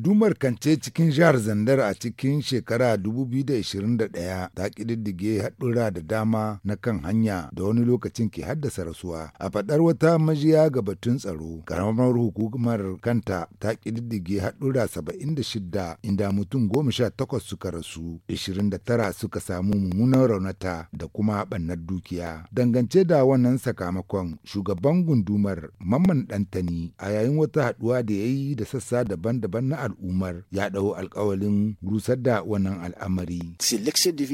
Gundumar Kance cikin jihar Zandar a cikin shekara 2021 ta ƙididdige haɗura da dama na kan hanya da wani lokacin ke haddasa rasuwa. A faɗar wata majiya ga batun tsaro, karamar hukumar kanta ta ƙididdige haɗura 76 inda mutum goma sha 18 suka rasu, 29 suka samu mummunan raunata da kuma ɓannar dukiya. Dangance da wannan sakamakon, shugaban gundumar Mamman Ɗantani a yayin wata haɗuwa da ya yi da sassa daban-daban na al'ummar ya ɗau alkawalin rusar da wannan al'amari.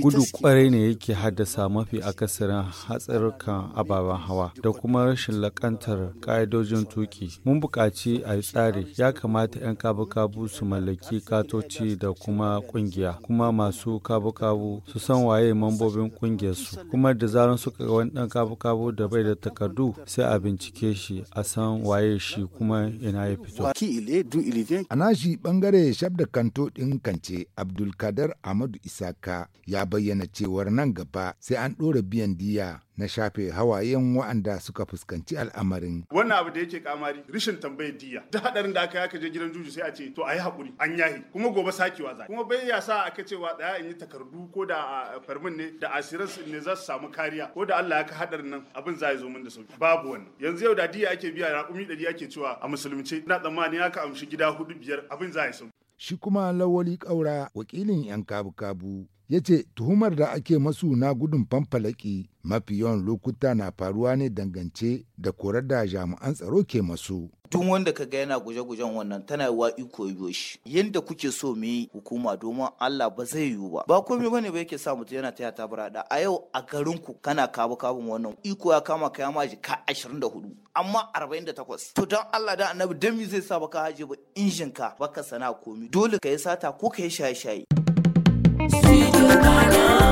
Gudu kwarai ne yake haddasa mafi akasarin hatsarukan ababen hawa da kuma rashin lakantar ka'idojin tuki. Mun buƙaci a yi tsari ya kamata 'yan kabu-kabu su mallaki katoci da kuma ƙungiya kuma masu kabu-kabu su san waye mambobin ƙungiyarsu kuma da zaran suka ga wani ɗan kabu-kabu da bai da takardu sai a bincike shi a san waye shi kuma ina ya fito. bangare shabda kanto ɗin kance abdulkadar ahmadu isaka ya bayyana cewar nan gaba sai an ɗora biyan diya na shafe hawayen wa'anda suka fuskanci al'amarin. Wannan abu da yake kamari rishin tambayar diya. Da hadarin da aka yaka je gidan juju sai a ce to ayi hakuri an yahi kuma gobe sakewa za. Kuma bai ya sa aka cewa daya in yi takardu ko da farmin ne da asirin ne za su samu kariya ko da Allah ya ka hadarin nan abin za ya zo min da sauki. Babu wannan. Yanzu yau da diya ake biya raƙumi ɗari ake cewa a musulunci ina tsammanin aka amshi gida hudu biyar abin za ya sauki. Shi kuma lawali ƙaura wakilin 'yan kabu-kabu ya ce tuhumar da ake masu na gudun fanfalaki mafi yawan lokuta na faruwa ne dangance da korar da jami'an tsaro ke masu. Tun wanda ka ga yana guje-gujen wannan tana yiwa iko yiwo shi. kuke so mu yi hukuma domin Allah ba zai yiwu ba. Ba komai bane ba yake sa mutum yana taya ta burada. A yau a garin ku kana kabu kabun wannan iko ya kama ka yama ka 24 amma 48. To dan Allah da Annabi dan me zai sa baka haje ba injin ka baka sana komi. Dole ka yi sata ko ka yi shaye-shaye. Cubana.